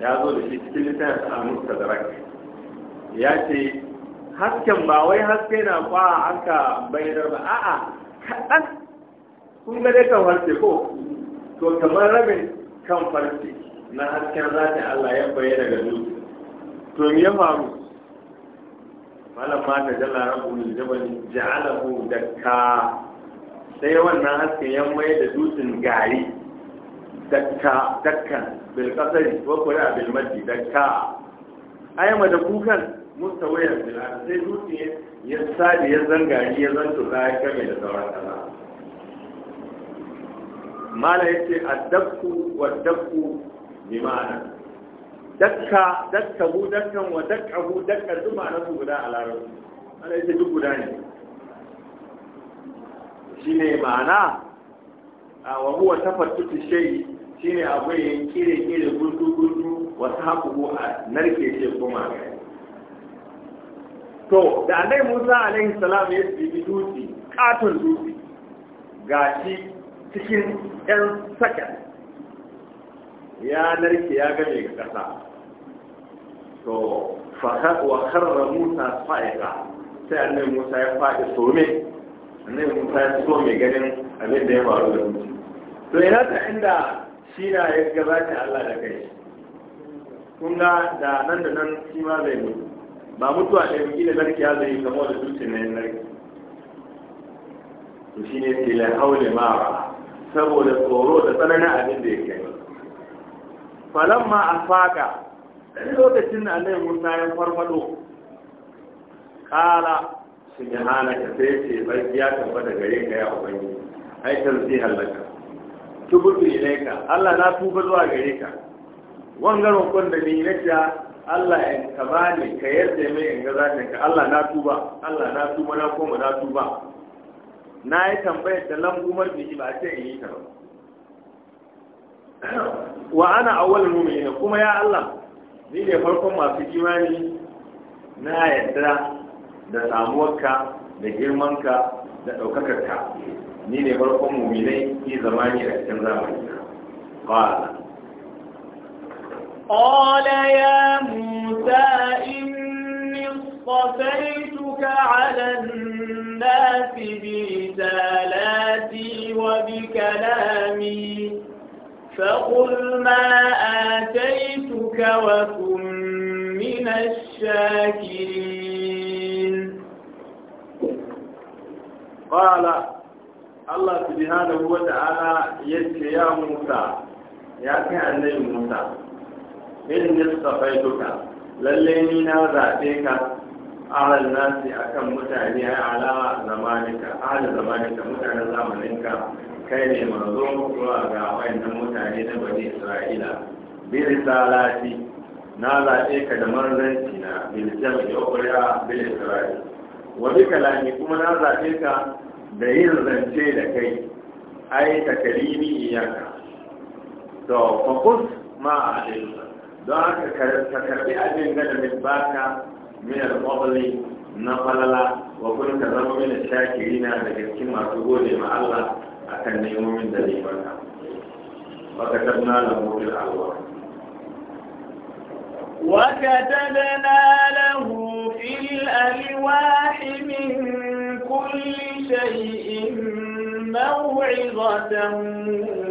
B: ya zo da shi cikin littafin a mustadrak ya ce hasken ba wai haske na kwa aka bayyana ba a'a kaɗan kun ga dai kan farce ko to kamar rabin kan farce na hasken yi Allah ya bayyana ga dutse to me ya faru ma ta jalla rabu lil jabali ja'alahu dakka sai wannan haske ya mai da dutsen gari dakka dakkan bil qasari wa qura bil maddi dakka ayyama da kukan mustawayan bil sai dutsen ya sadi ya zangari ya zanto ya kame da sauran kaza mala yace addaku wa dabku bi ma'ana dakka dakka bu, dakkan wa dakka bu, dakka duk ma'ana su guda a larabci ana ita duk guda ne shine ma'ana wa huwa tafattutu shay shine abu yin kire kire gudu gudu wa sahabu a narke ce kuma to da annabi Musa alaihi salam ya tsibi dutse katon dutse gashi cikin 'yan sakan ya narke ya gane ga ƙasa to wa karra musa fa'iqa sai annabi musa ya faɗi some annabi musa ya so mai ganin abin da ya faru da mutu to ina ta inda shi na ya ta Allah da kai kun ga da nan da nan shi ma zai mutu ba mutuwa ɗaya mutu da ya zai yi kamar da dutse na yin narki to shi ne ke lai haule mara saboda tsoro da tsananin abin da ya kai falamma a faka dan lokacin da Allah Musa ya farfado kala subhanaka sai ce bai ya da gare ka ya ubangiji ai tanzihan laka tubutu ka. Allah na tuba zuwa gare ka wannan roƙon da ni nake Allah ya ka bani ka yarda mai in ga zatin ka Allah na tuba Allah na tuba na koma na tuba na yi tambayar da lambumar biki ba ce in yi ta ba wa ana awwal mu'minin kuma ya Allah ni ne farkon masu imani na yadda da samuwarka da girmanka da ɗaukakarka ni ne farkon muminai ki zamani a cikin zamani ƙwala
A: قال يا موسى إني اصطفيتك على الناس برسالاتي وبكلامي فقل ما آتيتك وكن من الشاكرين
B: قال الله سبحانه وتعالى يسك يا موسى يا كان موسى إني اصطفيتك لليني نازعتك على الناس أكم متعني على زمانك على زمانك متعني زمانك kai ne manzo zuwa ga wayannan mutane na bani isra'ila bil salati na zaɓe ka da manzanci na bil jami'i wa qur'a bil isra'il wa bi kalami kuma na zaɓe ka da yin zance da kai ai ta kalimi iyaka to fokus ma a alayka don haka ka karɓi abin ga da baka min al na falala wa kun ka zama min shakirina daga cikin masu gode ma Allah akan وكتبنا له في الألواح
A: وكتبنا له في الألواح من كل شيء موعظة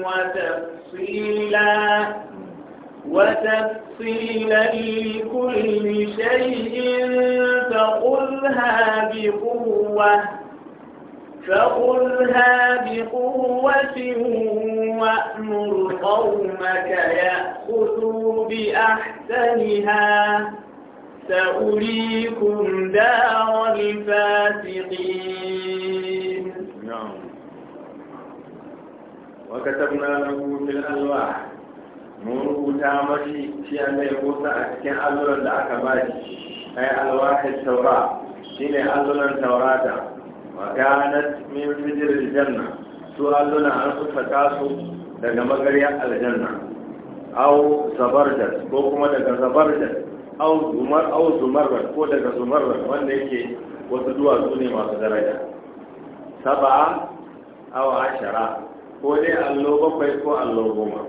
A: وتفصيلا وتفصيلا لكل شيء فخذها بقوة فقل فخذها بقوة وأمر قومك يأخذوا بأحسنها سأريكم دار الفاسقين نعم
B: وكتبنا له في الألواح نور تامشي في أن يقول أحسن أذرا لأكباري أي ألواح التوراة إلى أذرا توراة kanat min fijir aljanna su alluna an suka su daga magaryar aljanna aw zabardat ko kuma daga zabardat aw zumar aw zumarrat ko daga zumarrat wanda yake wasu duwatsu ne masu daraja saba aw ashara ko dai allo bakwai ko allo goma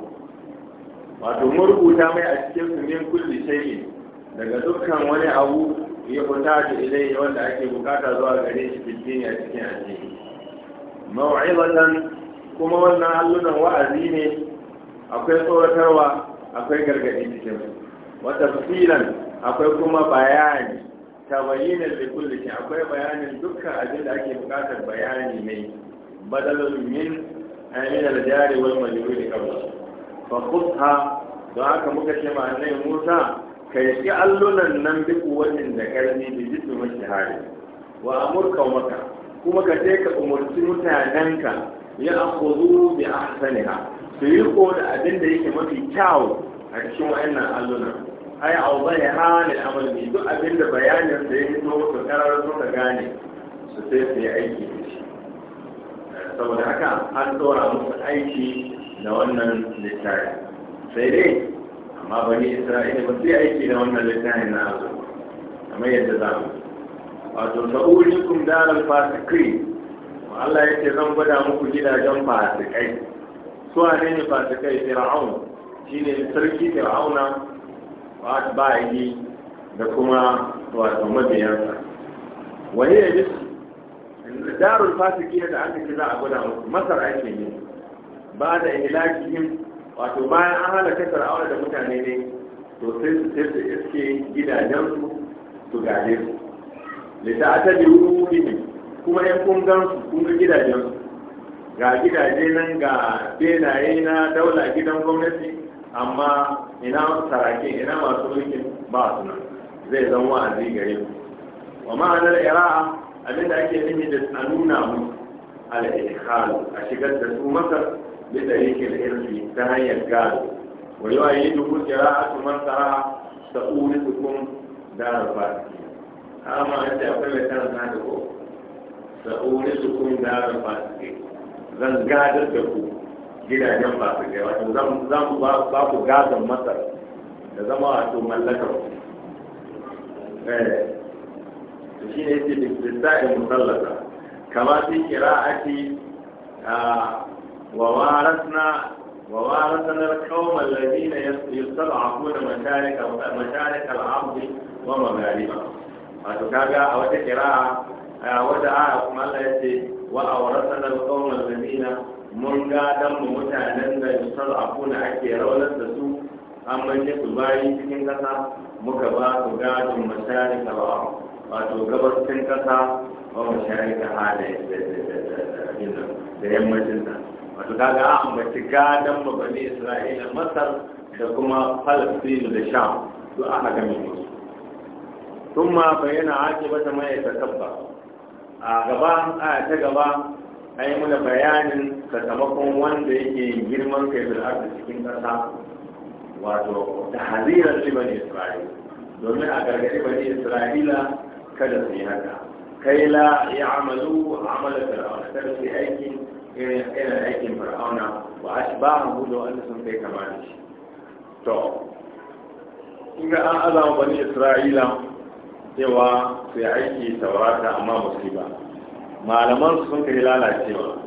B: wato murbuta mai a cikin su min kulli shay'in daga dukkan wani abu ya kuta da ilai wanda ake bukata zuwa gare shi bidini a cikin addini mau'izatan kuma wannan hallunan wa'azi ne akwai tsoratarwa akwai gargaɗi cikin wata filan akwai kuma bayani ta tabayinin da kullum akwai bayanin dukkan abin da ake bukatar bayani mai badalun min amin aljari wal majruri qabla fa khudha don haka muka ce ma Musa ka allunan nan duk wajen da karni da jisu mashi hari wa amurka maka kuma ka je ka umarci mutanenka ya akuzu bi ahsaniha su yi ko da abin da yake mafi kyau a cikin wannan allunan ai au bai halin amal bi duk abin da bayanin da ya fito su karar ka gane su sai su yi aiki da shi saboda haka an tsora musu aiki da wannan littafi sai dai amma bani isra'ila ba sai aiki da wannan littafin na azu kamar yadda za mu wato sa'urikum daral fasikai Allah ya ce zan gwada muku gidajen fasikai su ne ne fasikai fir'aun shine sarki fir'auna wa ba'i da kuma wato mabiyansa wani ya ji darul fasiki da aka ce za a gwada muku masar ake yi ba da ilakihim wato bayan an hana kai fir'auna da mutane ne to sai su sai su iske gidajen su su gaje su da ta bi ruhuni kuma in kun gan su kun ga gidajen su ga gidaje nan ga benaye na daula gidan gwamnati amma ina sarake ina masu mulkin ba su nan zai zan wa'azi gare su wa ma'anar ira'a abinda ake nufi da a nuna mu al a shigar da su masar بدليل الإرث تهيا قالوا ويؤيده قراءة من قرأ سؤولتكم دار الفاتحين أما أنت أقول لك أنا هذا سؤولتكم دار الفاتحين zan gadar da ku gidajen masu kai wato zan ba ku masar da zama wato mallakar shi ne yake lissa'in a ووارثنا ووارثنا القوم الذين يستضعفون مشارك مشارك العرض ومغاربه wato kaga a wata kira'a a wata aya kuma Allah ya ce wa awrasana alqawma alladhina mun gadan mu mutanen da yusarafuna ake raunar da su an manje su bayi cikin kasa muka ba su gadon masharika ba wato gabashin kasa wa masharika halaye da yammacin ta wato kaga an ambaci gadon mabani isra'ila masar da kuma palestine da sham su aka game musu sun ma bayyana ake bata mai tasabba a gaba a ta gaba a yi mana bayanin sakamakon wanda yake girman kai da cikin ƙasa wato ta hazirar liban isra'ila domin a gargadi bani isra'ila kada su yi haka kai la ya amalu amalar ta kada su yi aikin irin irin aikin fir'auna ba a shi ba a hudu wanda sun kai kama da shi to in ga an azama bani isra'ila cewa sai aiki taurata amma ba su ba malaman su sun kai lalacewa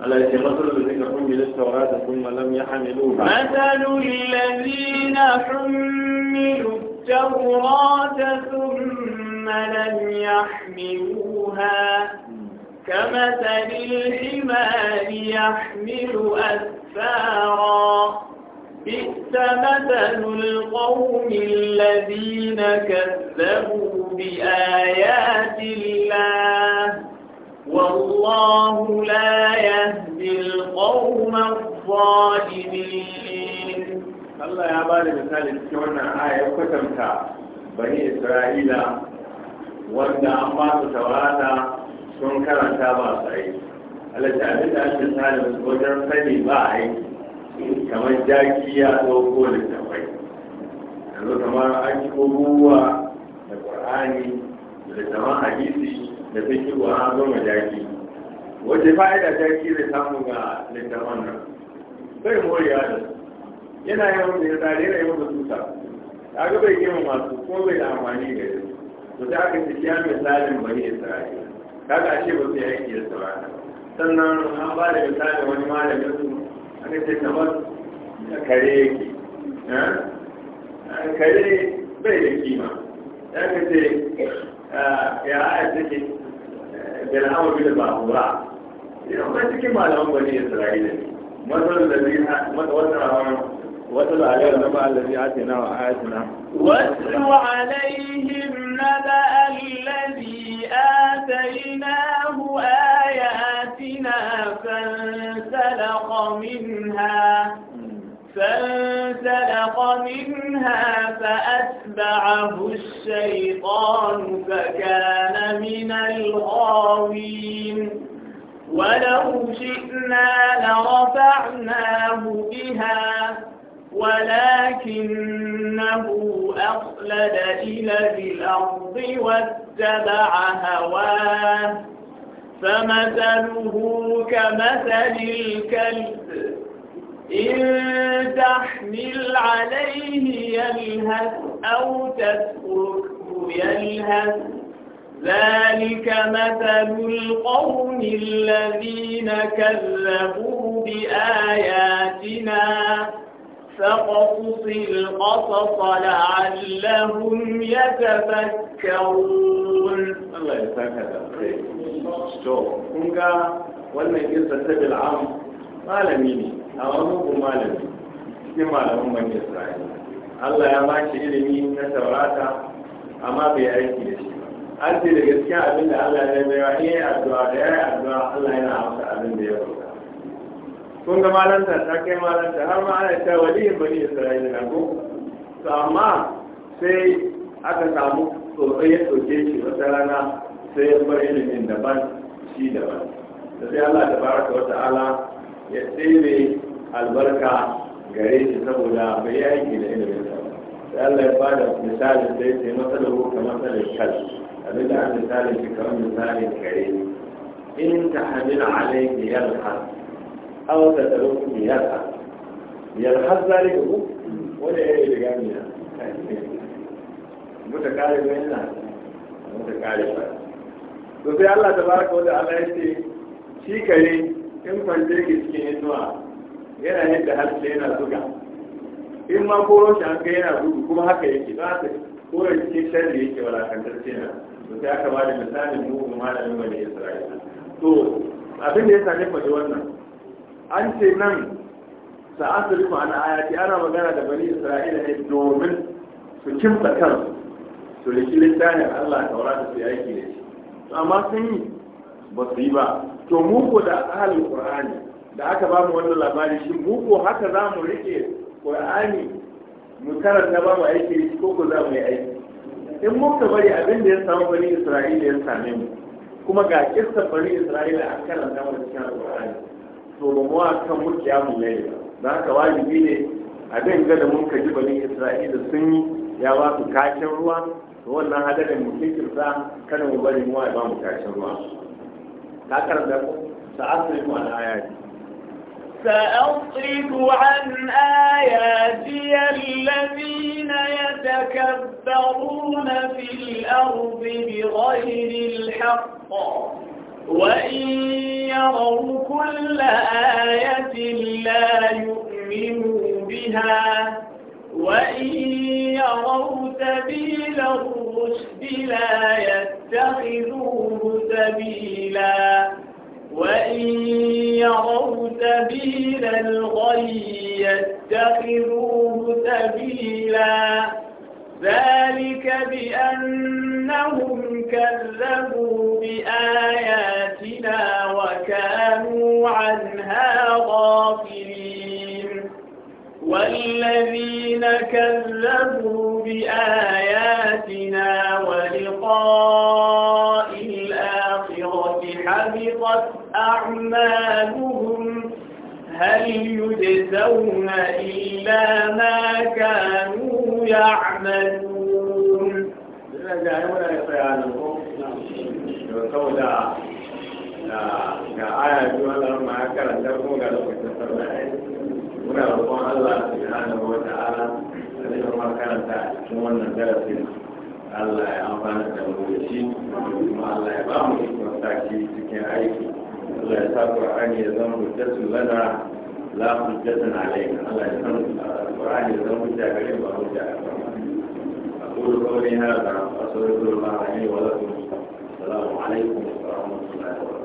B: Allah ya ce masu da zai kafin milin taurata sun malam ya hamilu ba.
A: Masalu lalazina hummilu التوراة ثم لم يحملوها كمثل الحمار يحمل أسفارا بئس مثل القوم الذين كذبوا بآيات الله والله لا يهدي القوم الظالمين الله يا
B: بالي مثال كنا آية كتمتا بني إسرائيل وانا أمات توراتا sun karanta ba su aiki halatta abin da ake wajen sani ba a aiki kamar jaki ya ko littafai yanzu kamar an ci abubuwa da ƙwar'ani da littafan hadisi da fiki wa an zo jaki wace fa'ida jaki zai samu ga littafan nan bai morewa da su yana yawan da ya zare yana yawan da tuta ta ga bai gina masu ko bai da amfani da su to ta aka ci ya misalin bane isra'ila kaga ashe ba su yi aiki da sannan an ba da misali wani malamin su aka ce kamar kare yake kare bai da kima ya ka ce ya aya take bilhamu da ba'ura ya ba cikin malaman bani isra'ila ne مثل الذين واتل عليهم نبأ الذي آتيناه آياتنا واتل
A: عليهم na. فانسلق منها فأتبعه الشيطان فكان من الغاوين ولو شئنا لرفعناه بها ولكنه أخلد إلى الأرض واتبع هواه فمثله كمثل الكلب إن تحمل عليه يلهث أو تتركه يلهث ذلك مثل القوم الذين كذبوا بآياتنا فقصص القصص لعلهم يتفكرون
B: الله يسعدك خير شو كونغا ولا يسعدك بالعام malami ne a wani mugun malami cikin malamin bani isra'ila allah ya ba shi ilimi na taurata amma bai aiki da shi ba, an ce da gaskiya abin da allah ya bai wa iya addu'a da ya yi addu'a allah yana hausa abin da ya roƙa kun ga malanta ta kai malanta har ma ana ta yin bani isra'ila na ko to amma sai aka samu tsotsai ya tsoke shi wata rana sai ya bar ilimin daban shi daban da sai allah ta baraka wata ala ya tsere albarka gare shi saboda bai yi aiki da ilimin sa sai Allah ya bada misali sai sai matsalar ko kamar matsalar kal abin da an misali shi kamar misalin gare in ta hamil alaihi yalha aw ta taruku yalha yalha zalika ku wanda ya yi da na mutu kare ba yana mutu kare ba to sai Allah tabaraka wa Allah ya ce shi kare in kwance ke cikin inuwa yana yadda harshe yana zuga in ma ko shi an ga yana gudu kuma haka yake za ta koro cikin da yake walakantar ce na to sai aka ba da misalin mugun malamin wani isra'ila to abin da ya same faɗi wannan an ce nan sa'asar rufe ana ayati ana magana da bani isra'ila ne domin su kimsa kansu su riki littafin allah taurata su yi aiki da shi amma sun yi ba su yi ba to mu ko da ahalin qur'ani da aka ba mu wannan labari shi mu ko haka za mu rike qur'ani mu karanta ba mu aiki ko ko za mu yi aiki in muka bari abin da ya samu bani isra'ila ya same mu kuma ga kissa bani isra'ila a karanta mu cikin alqur'ani to ba mu kan mu mu ne da haka wajibi ne abin ga da mun kaji ji bani isra'ila sun yi ya ba su kashin ruwa wannan hadarin mu kirkirta kada mu bari mu ba mu kashin ruwa سأصرف عن
A: آياتي الذين يتكبرون في الأرض بغير الحق وإن يروا كل آية لا يؤمنوا بها وإن يروا سبيل الرشد لا يتخذوه سبيلا وإن يروا سبيل الغي يتخذوه سبيلا ذلك بأنهم كذبوا بآياتنا وكانوا عنها غافلين والذين كذبوا بآياتنا ولقاء الآخرة حبطت أعمالهم هل يجزون إلا ما كانوا يعملون لا
B: لا لا لا لا لا لا لا لا لا muna roƙon Allah hana wa ta'ala da zai Makaranta, a cikin wannan darasin Allah ya amfana da mu da shi kuma Allah ya ba mu ikon saki cikin aiki Allah ya sa Qur'ani ya zama hujjatun lana la hujjatun alayka Allah ya san Qur'ani ya zama hujja gare ba hujja gare أقول قولي هذا وأستغفر الله لي ولكم السلام عليكم ورحمة wa وبركاته